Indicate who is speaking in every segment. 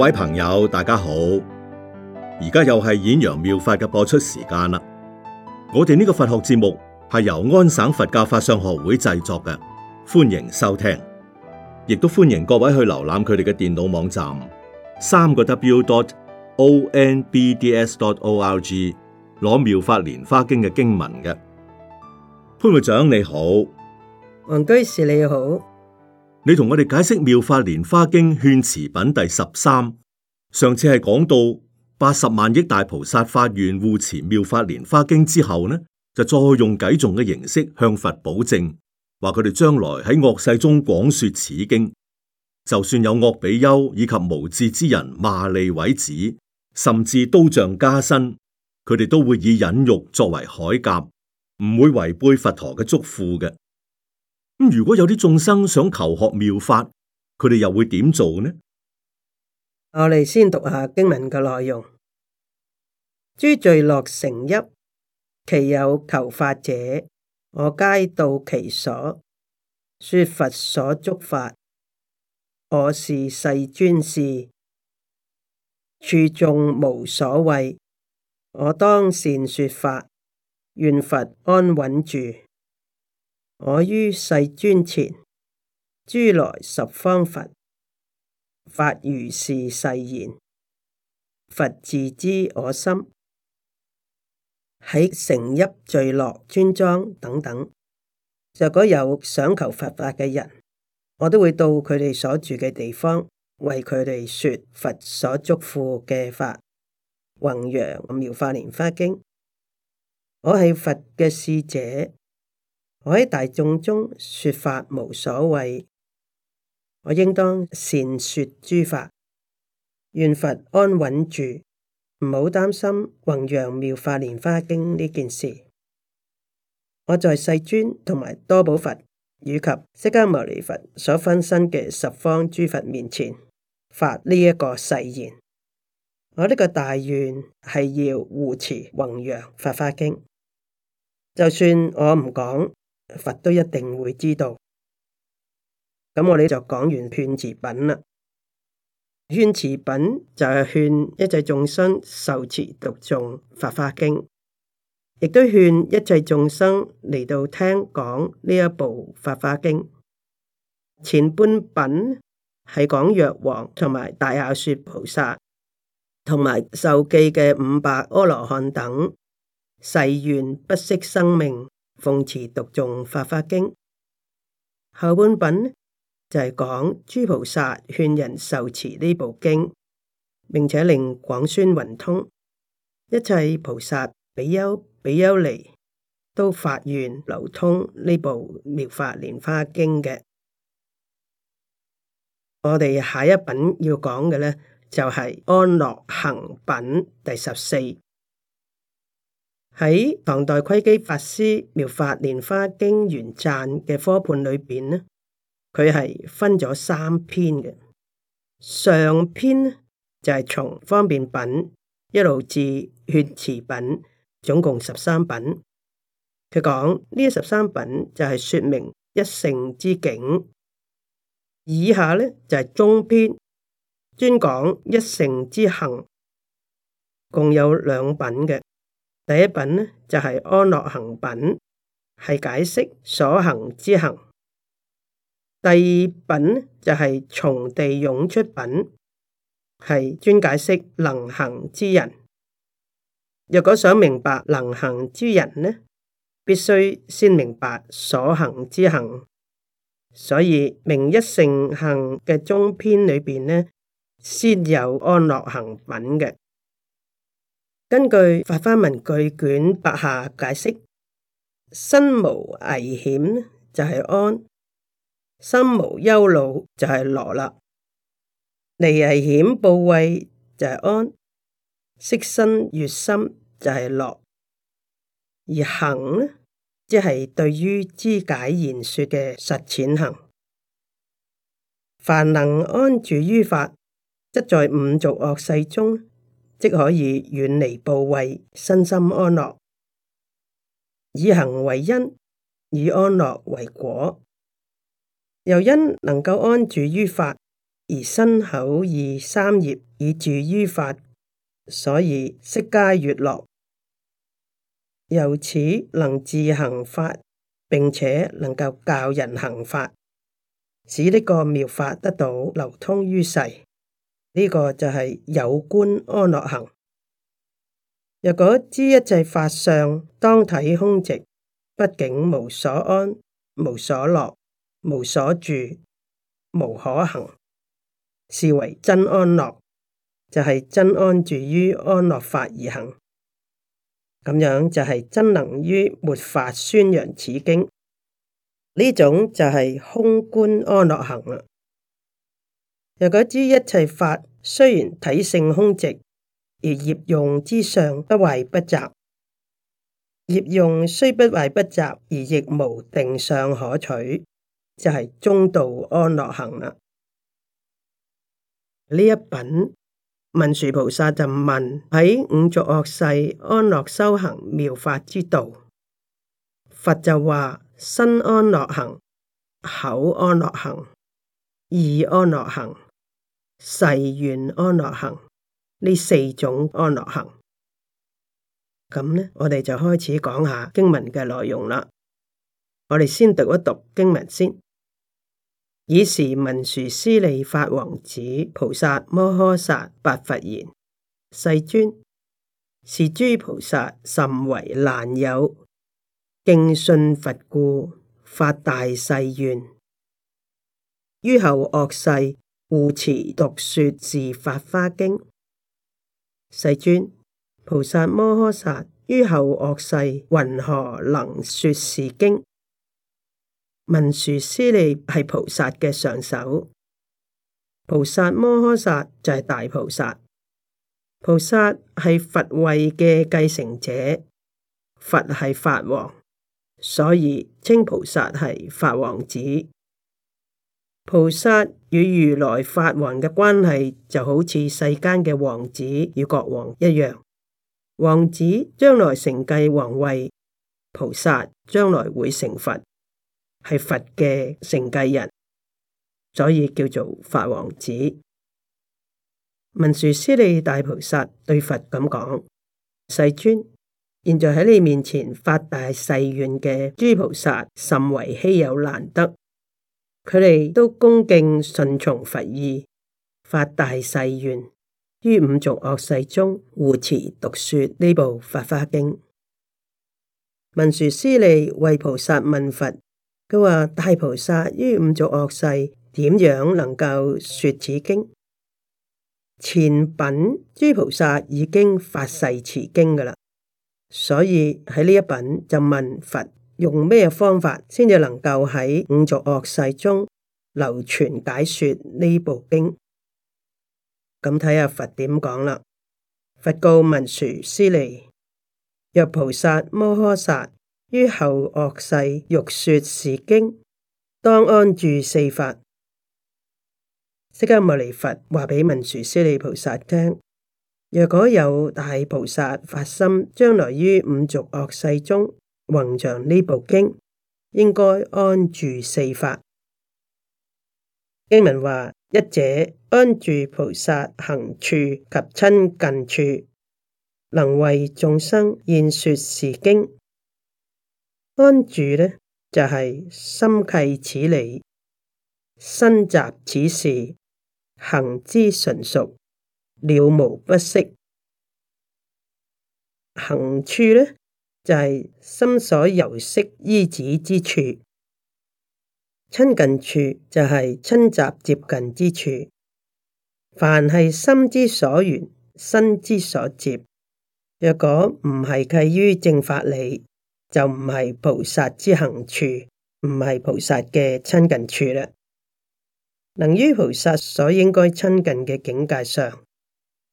Speaker 1: 各位朋友，大家好！而家又係演揚妙法嘅播出時間啦。我哋呢個佛學節目係由安省佛教法相學會製作嘅，歡迎收聽，亦都歡迎各位去瀏覽佢哋嘅電腦網站，三個 W dot O N B D S dot O R G，攞妙法蓮華經嘅經文嘅。潘會長你好，
Speaker 2: 黃居士你好。
Speaker 1: 你同我哋解釋《妙法蓮華經》勸持品第十三。上次係講到八十萬億大菩薩發願護持《妙法蓮華經》之後呢，就再用偈頌嘅形式向佛保證，話佢哋將來喺惡世中廣說此經，就算有惡比丘以及無智之人罵詈毀指，甚至刀杖加身，佢哋都會以忍辱作為鎧甲，唔會違背佛陀嘅囑咐嘅。咁如果有啲眾生想求學妙法，佢哋又會點做呢？
Speaker 2: 我哋先讀下經文嘅內容。諸聚落城邑，其有求法者，我皆到其所，說佛所囑法。我是世尊使，處眾無所畏，我當善說法，願佛安穩住。我於世尊前，諸來十方佛，發如是誓言，佛自知我心，喺城邑聚落、尊、莊等等。若果有想求佛法嘅人，我都會到佢哋所住嘅地方，為佢哋說佛所囑咐嘅法，弘揚我《妙法蓮華經》。我係佛嘅使者。我喺大眾中說法無所謂，我應當善說諸法。願佛安穩住，唔好擔心弘揚妙法蓮花經呢件事。我在世尊同埋多寶佛以及釋迦牟尼佛所分身嘅十方諸佛面前發呢一個誓言。我呢個大願係要護持弘揚法花經，就算我唔講。佛都一定會知道，咁我哋就講完勸持品啦。勸持品就係勸一切眾生受持讀誦《法華經》，亦都勸一切眾生嚟到聽講呢一部《法華經》。前半品係講藥王同埋大樂說菩薩，同埋受記嘅五百阿羅漢等誓願不惜生命。奉持讀誦法華經，後半品就係講諸菩薩勸人受持呢部經，並且令廣宣雲通，一切菩薩比丘比丘尼，都發願流通呢部妙法蓮花經嘅。我哋下一品要講嘅呢，就係、是、安樂行品第十四。喺唐代窺基法師妙法蓮花經元贊嘅科判裏邊呢，佢係分咗三篇嘅。上篇就係、是、從方便品一路至勸持品，總共十三品。佢講呢十三品就係說明一乘之境。以下呢就係、是、中篇，專講一乘之行，共有兩品嘅。第一品就係安樂行品，係解釋所行之行；第二品就係從地湧出品，係專解釋能行之人。若果想明白能行之人呢，必須先明白所行之行。所以名一乘行嘅中篇裏邊呢，先有安樂行品嘅。根據《法華文句卷八》下解釋：身無危險就係安，身無憂惱就係樂啦。離危險怖畏就係安，色身悅心就係樂。而行呢，即係對於知解言說嘅實踐行。凡能安住於法，則在五濁惡世中。即可以遠離怖畏，身心安樂。以行為因，以安樂為果。又因能夠安住於法，而身口意三業以住於法，所以悉皆悅樂。由此能自行法，並且能夠教人行法，使呢個妙法得到流通於世。呢個就係有觀安樂行。若果知一切法相當體空寂，畢竟無所安、無所樂、無所住、無可行，是為真安樂。就係、是、真安住於安樂法而行。咁樣就係真能於沒法宣揚此經。呢種就係空觀安樂行啦。若果知一切法雖然體性空寂，而業用之上不壞不雜；業用雖不壞不雜，而亦無定相可取，就係、是、中道安樂行啦。呢一品文殊菩薩就問喺五濁惡世安樂修行妙法之道，佛就話身安樂行、口安樂行、意安樂行、誓願安樂行呢四種安樂行，咁呢我哋就開始講下經文嘅內容啦。我哋先讀一讀經文先。爾時文殊師利法王子菩薩摩訶薩白佛言：世尊，是諸菩薩甚為難有，敬信佛故，發大誓願，於後惡世。護持讀說是法花經，世尊，菩薩摩訶薩於後惡世，云何能說是經？文殊師利係菩薩嘅上首，菩薩摩訶薩就係大菩薩，菩薩係佛位嘅繼承者，佛係法王，所以稱菩薩係法王子。菩薩與如來法王嘅關係就好似世間嘅王子與國王一樣，王子將來承繼皇位，菩薩將來會成佛，係佛嘅承繼人，所以叫做法王子。文殊師利大菩薩對佛咁講：世尊，現在喺你面前發大誓願嘅諸菩薩甚為稀有難得。佢哋都恭敬順從佛意，發大誓願，於五濁惡世中護持讀說呢部《法華經》。文殊師利為菩薩問佛：佢話大菩薩於五濁惡世，點樣能夠說此經？前品諸菩薩已經發誓持經㗎喇，所以喺呢一品就問佛。用咩方法先至能夠喺五濁惡世中流傳解說呢部經？咁睇下佛點講啦。佛告文殊師利：若菩薩摩訶薩於後惡世欲說是經，當安住四法。釋迦牟尼佛話俾文殊師利菩薩聽：若果有大菩薩發心，將來於五濁惡世中。弘揚呢部經，應該安住四法。經文話：一者安住菩薩行處及親近處，能為眾生現說是經。安住咧就係、是、心契此理，身集此事，行之純熟，了無不悉。行處咧。就係心所遊息依止之處，親近處就係親習接近之處。凡係心之所緣、身之所接，若果唔係契於正法理，就唔係菩薩之行處，唔係菩薩嘅親近處啦。能於菩薩所應該親近嘅境界上，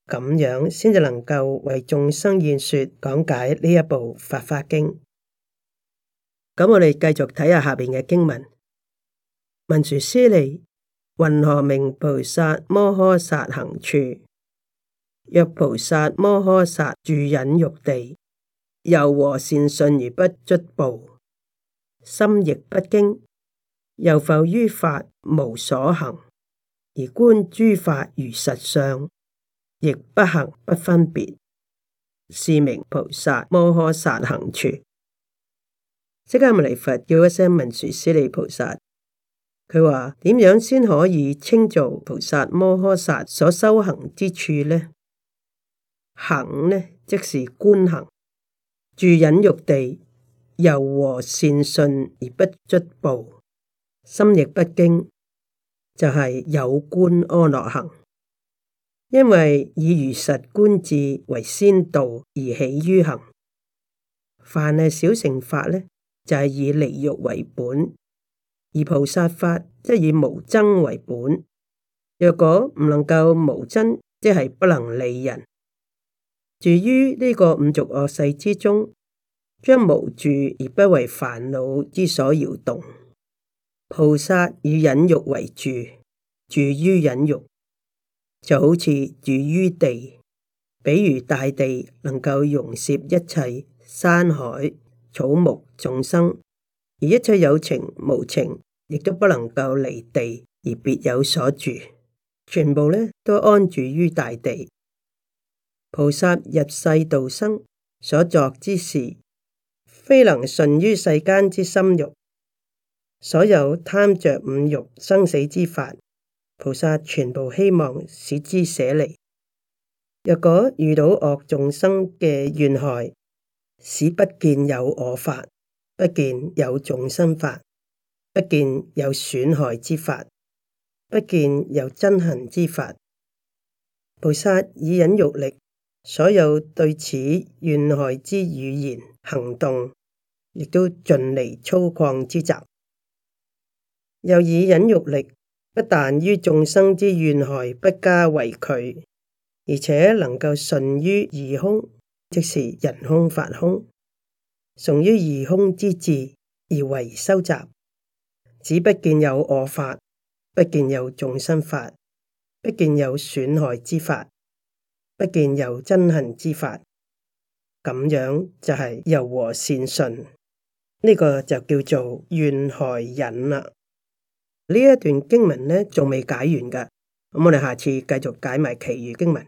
Speaker 2: 咁樣先至能夠為眾生演說講解呢一部佛法,法經。咁我哋繼續睇下下邊嘅經文。文殊師利，云何名菩薩摩訶薩行處？若菩薩摩訶薩住忍辱地，柔和善順而不卒暴，心亦不驚，又復於法無所行，而觀諸法如實相。亦不行不分別，是名菩薩摩訶薩行處。釋迦牟尼佛叫一聲文殊師利菩薩，佢話點樣先可以稱做菩薩摩訶薩所修行之處呢？行呢，即是觀行，住忍辱地，柔和善順而不卒暴，心亦不驚，就係、是、有觀安樂行。因為以如實觀智為先導而起於行，凡係小乘法呢，就係、是、以利欲為本；而菩薩法即以無增為本。若果唔能夠無增，即係不能利人。住於呢個五濁惡世之中，將無住而不為煩惱之所搖動。菩薩以忍辱為住，住於忍辱。就好似住於地，比如大地能夠容攝一切山海草木眾生，而一切有情無情，亦都不能夠離地而別有所住，全部咧都安住於大地。菩薩入世度生所作之事，非能順於世間之心欲，所有貪着五欲生死之法。菩薩全部希望使之捨離。若果遇到惡眾生嘅怨害，使不見有我法，不見有眾生法，不見有損害之法，不見有憎恨之法，菩薩以忍辱力，所有對此怨害之語言行動，亦都盡離粗獷之習，又以忍辱力。不但於眾生之怨害不加為佢，而且能夠順於二空，即是人空法空，順於二空之智而為修集，只不見有我法，不見有眾生法，不見有損害之法，不見有憎恨之法，咁樣就係柔和善順，呢、這個就叫做怨害忍啦。呢一段經文呢，仲未解完㗎，咁我哋下次繼續解埋其餘經文。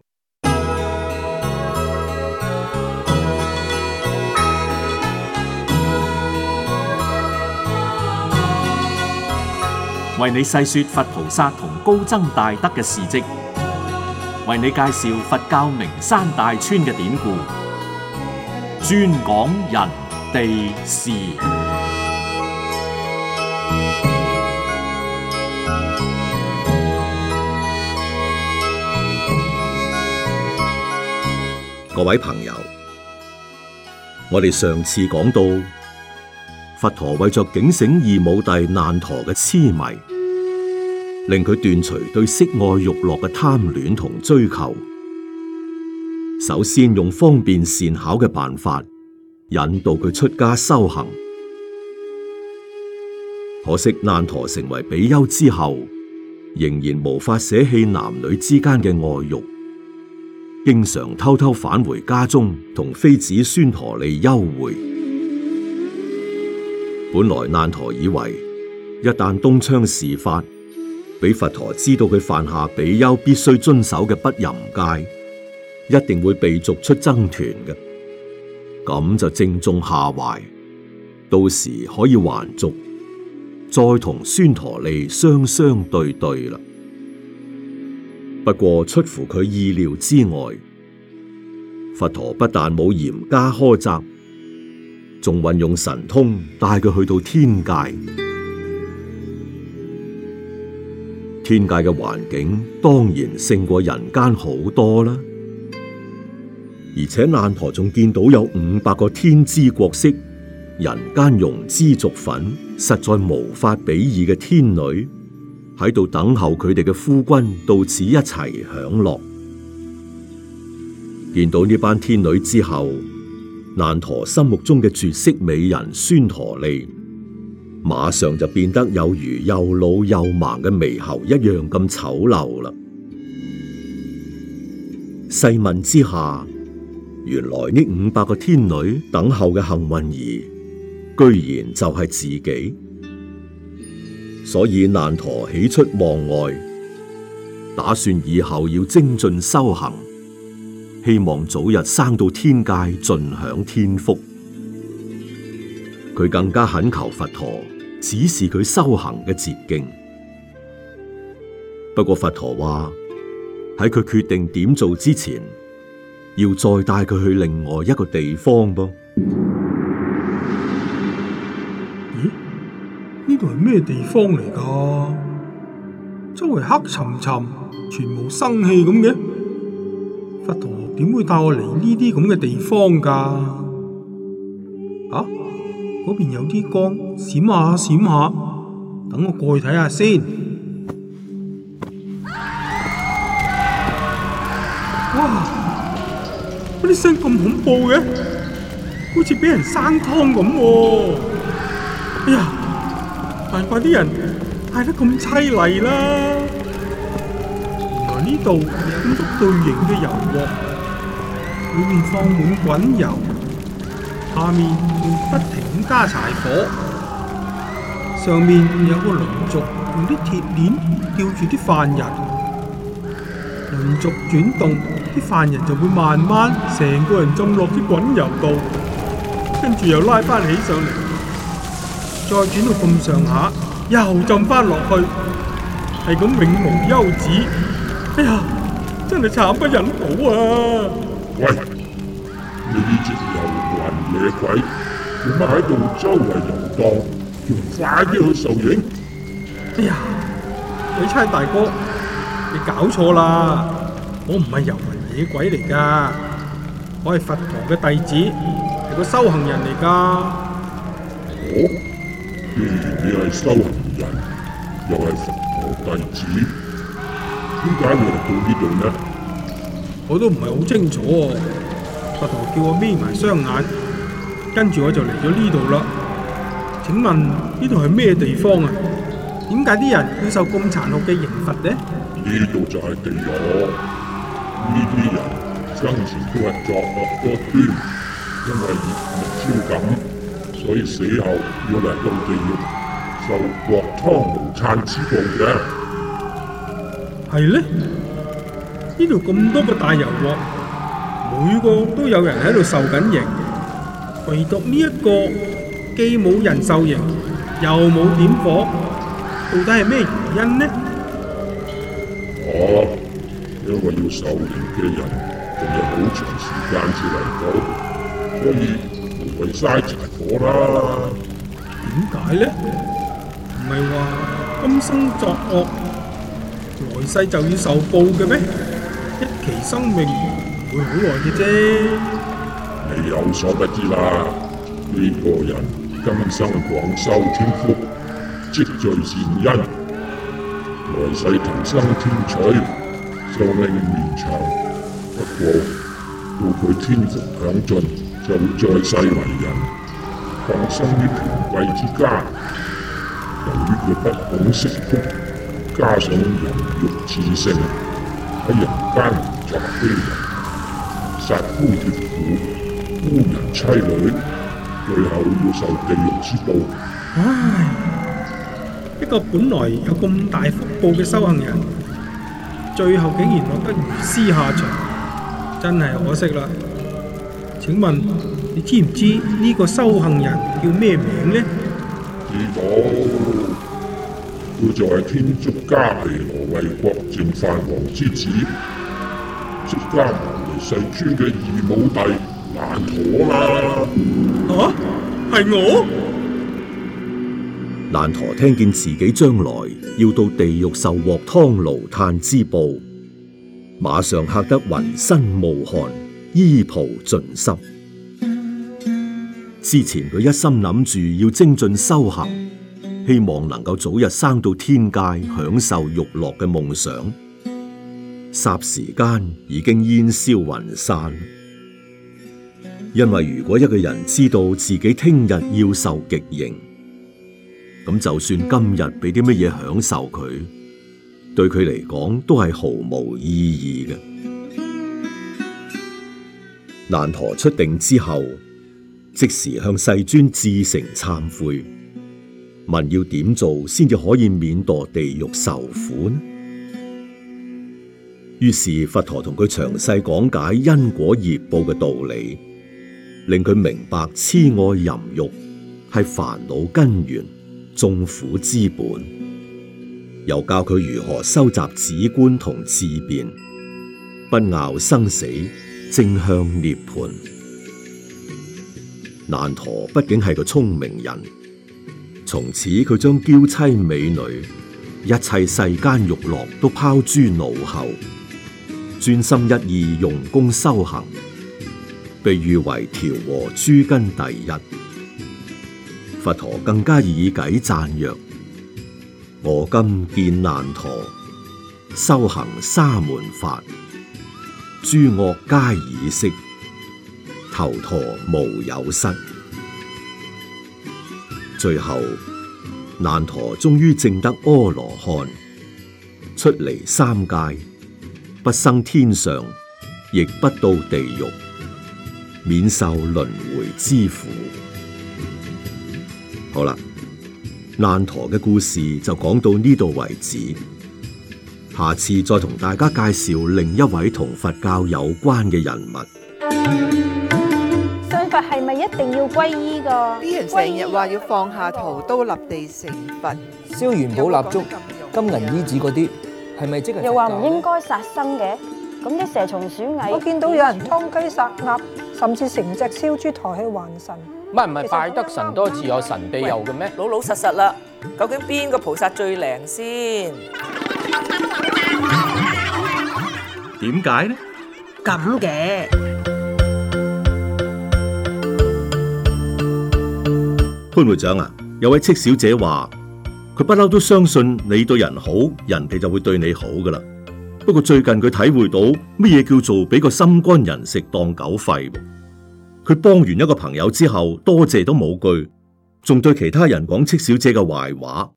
Speaker 1: 為你細說佛菩薩同高僧大德嘅事跡，為你介紹佛教名山大川嘅典故，專講人地事。各位朋友，我哋上次講到，佛陀為咗警醒姨母弟難陀嘅癡迷，令佢斷除對色愛欲樂嘅貪戀同追求，首先用方便善巧嘅辦法引導佢出家修行。可惜難陀成為比丘之後，仍然無法捨棄男女之間嘅愛欲。經常偷偷返回家中同妃子孫陀利幽會。本來難陀以為，一旦東窗事發，俾佛陀知道佢犯下比丘必須遵守嘅不淫戒，一定會被逐出僧團嘅。咁就正中下懷，到時可以還俗，再同孫陀利雙雙對對啦。不過出乎佢意料之外，佛陀不但冇嚴加苛責，仲運用神通帶佢去到天界。天界嘅環境當然勝過人間好多啦，而且難陀仲見到有五百個天姿國色、人間庸脂俗粉，實在無法比擬嘅天女。喺度等候佢哋嘅夫君到此一齊享樂。見到呢班天女之後，難陀心目中嘅絕色美人孫陀利，馬上就變得有如又老又盲嘅獼猴一樣咁醜陋啦。細問之下，原來呢五百個天女等候嘅幸運兒，居然就係自己。所以難陀喜出望外，打算以後要精進修行，希望早日生到天界，盡享天福。佢更加懇求佛陀，指示佢修行嘅捷徑。不過佛陀話喺佢決定點做之前，要再帶佢去另外一個地方噃。
Speaker 3: 呢度係咩地方嚟噶？周圍黑沉沉，全無生氣咁嘅，佛陀點會帶我嚟呢啲咁嘅地方噶？啊，嗰邊有啲光閃下閃下，等我過去睇下先。哇！啲聲咁恐怖嘅，好似俾人生湯咁。哎呀！難怪啲人嗌得咁淒厲啦！原來呢度有咁多巨型嘅油鍋，裏面放滿滾油，下面仲不停加柴火，上面有個輪軸用啲鐵鏈吊住啲犯人，輪軸轉動，啲犯人就會慢慢成個人浸落啲滾油度，跟住又拉翻起上嚟。再轉到咁上下，又浸翻落去，係咁永無休止。哎呀，真係慘不忍睹啊！
Speaker 4: 喂，你呢隻遊魂野鬼，做乜喺度周圍遊蕩，仲快啲去受影！哎呀，
Speaker 3: 鬼差大哥，你搞錯啦！我唔係遊魂野鬼嚟噶，我係佛陀嘅弟子，係個修行人嚟噶。
Speaker 4: 哦既然你係修行人，又係佛陀弟子，點解你嚟到呢度呢？
Speaker 3: 我都唔係好清楚。佛陀叫我眯埋雙眼，跟住我就嚟咗呢度啦。請問呢度係咩地方啊？點解啲人要受咁殘酷嘅刑罰呢？
Speaker 4: 呢度就係地獄，呢啲人生前都係作惡多端，因為要消減。所以死後要嚟到地獄受鍋湯爐炭之苦嘅，
Speaker 3: 係咧？呢度咁多個大油鍋，每個都有人喺度受緊刑，唯獨呢一個既冇人受刑又冇點火，到底係咩原因呢？
Speaker 4: 哦，呢、呢個要受刑嘅人仲有好長時間至嚟到，所以。嗯會嘥柴火啦，點解咧？唔係話
Speaker 3: 今生作惡，來世就要受報嘅咩？一期生命會好耐嘅啫。
Speaker 4: 你有所不知啦，呢個人今生廣受天福，積聚善因，來世同生天趣，壽命綿長，不過要佢天福享盡。又再世為人，降生於權貴之家，由於佢不懂惜福，加上人欲熾盛，喺人間作惡為非，殺夫奪婦，污人妻女，最後要受地獄之報。
Speaker 3: 唉，一個本來有咁大福報嘅修行人，最後竟然落得如斯下場，真係可惜啦。請問你知唔知呢、這個修行人叫咩名呢？
Speaker 4: 知道，佢就係天竺迦毗羅衛國淨飯王之子，即迦彌嚟世尊嘅異母弟難陀啦。吓、啊，
Speaker 3: 係我
Speaker 1: 難陀聽見自己將來要到地獄受鑊湯爐炭之報，馬上嚇得渾身冒汗。衣袍盡濕。之前佢一心諗住要精進修行，希望能夠早日生到天界享受欲樂嘅夢想。霎時間已經煙消雲散。因為如果一個人知道自己聽日要受極刑，咁就算今日俾啲乜嘢享受佢，對佢嚟講都係毫無意義嘅。難陀出定之後，即時向世尊至誠懺悔，問要點做先至可以免墮地獄受苦呢？於是佛陀同佢詳細講解因果業報嘅道理，令佢明白痴愛淫欲係煩惱根源、眾苦之本，又教佢如何收集止觀同自辯，不熬生死，正向涅槃。難陀畢竟係個聰明人，從此佢將嬌妻美女、一切世間欲樂都拋諸腦後，專心一意用功修行，被譽為調和諸根第一。佛陀更加以偈讚曰：我今見難陀修行沙門法。諸惡皆已息，頭陀無有失。最後難陀終於證得阿羅漢，出離三界，不生天上，亦不到地獄，免受輪回之苦。好啦，難陀嘅故事就講到呢度為止。下次再同大家介紹另一位同佛教有關嘅人物。信佛係咪一定要皈依㗎？啲人成日話要放下屠
Speaker 2: 刀立地成
Speaker 1: 佛，燒元寶蠟燭、金銀衣紙嗰啲，係咪即係又話唔應該
Speaker 2: 殺生嘅？咁啲蛇蟲鼠蟻，我見到有人劏雞殺鴨，甚至成隻燒豬抬去還神。
Speaker 1: 唔係唔係，拜得神多自然有神庇佑嘅咩？老老實實啦，究竟邊個菩薩最靈先？點解呢？
Speaker 2: 咁嘅
Speaker 1: 潘會長啊，有位戚小姐話佢不嬲都相信你對人好人哋就會對你好噶啦。不過最近佢體會到乜嘢叫做俾個心肝人食當狗肺。佢幫完一個朋友之後，多謝都冇句，仲對其他人講戚小姐嘅壞話。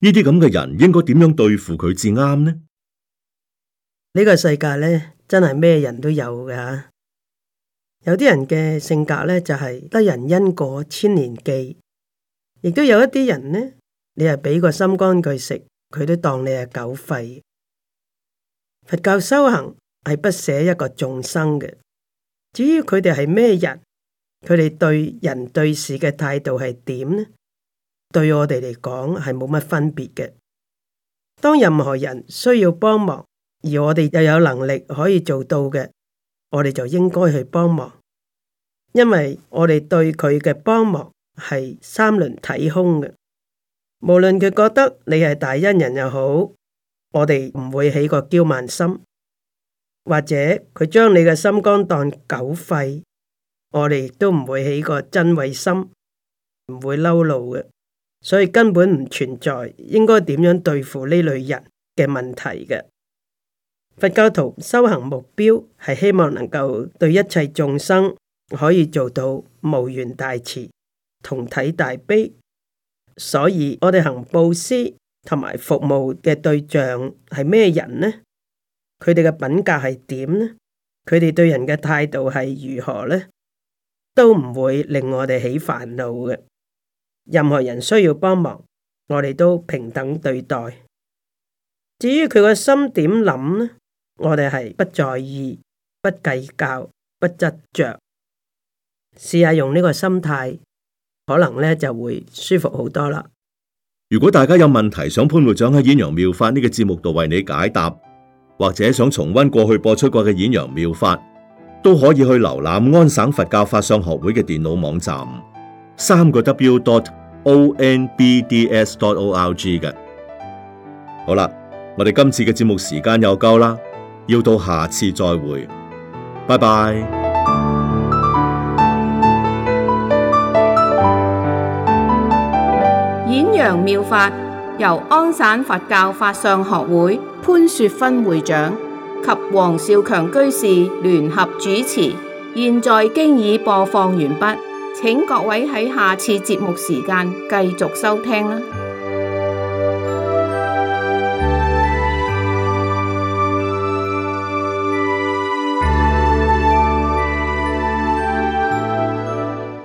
Speaker 1: 呢啲咁嘅人應該點樣對付佢至啱呢？
Speaker 2: 呢個世界咧，真係咩人都有嘅。有啲人嘅性格咧，就係得人因果千年記；亦都有一啲人呢，你係俾個心肝佢食，佢都當你係狗肺。佛教修行係不捨一個眾生嘅，至於佢哋係咩人，佢哋對人對事嘅態度係點呢？對我哋嚟講係冇乜分別嘅。當任何人需要幫忙，而我哋又有能力可以做到嘅，我哋就應該去幫忙，因為我哋對佢嘅幫忙係三輪體空嘅。無論佢覺得你係大恩人又好，我哋唔會起個驕慢心，或者佢將你嘅心肝當狗肺，我哋都唔會起個瞋恚心，唔會嬲怒嘅。所以根本唔存在應該點樣對付呢類人嘅問題嘅。佛教徒修行目標係希望能夠對一切眾生可以做到無緣大慈、同體大悲，所以我哋行布施同埋服務嘅對象係咩人呢？佢哋嘅品格係點呢？佢哋對人嘅態度係如何呢？都唔會令我哋起煩惱嘅。任何人需要幫忙，我哋都平等對待。至於佢個心點諗呢？我哋係不在意、不計較、不執着，試下用呢個心態，可能咧就會舒服好多啦。
Speaker 1: 如果大家有問題，想潘會長喺《演揚妙法》呢、這個節目度為你解答，或者想重温過去播出過嘅《演揚妙法》，都可以去瀏覽安省佛教法相學會嘅電腦網站，三個 W dot O N B D S dot O R G 嘅。好啦，我哋今次嘅節目時間又夠啦。要到下次再會，拜拜。
Speaker 2: 演揚妙法由安省佛教法相學會潘雪芬會長及黃少強居士聯合主持，現在經已播放完畢。請各位喺下次節目時間繼續收聽啦。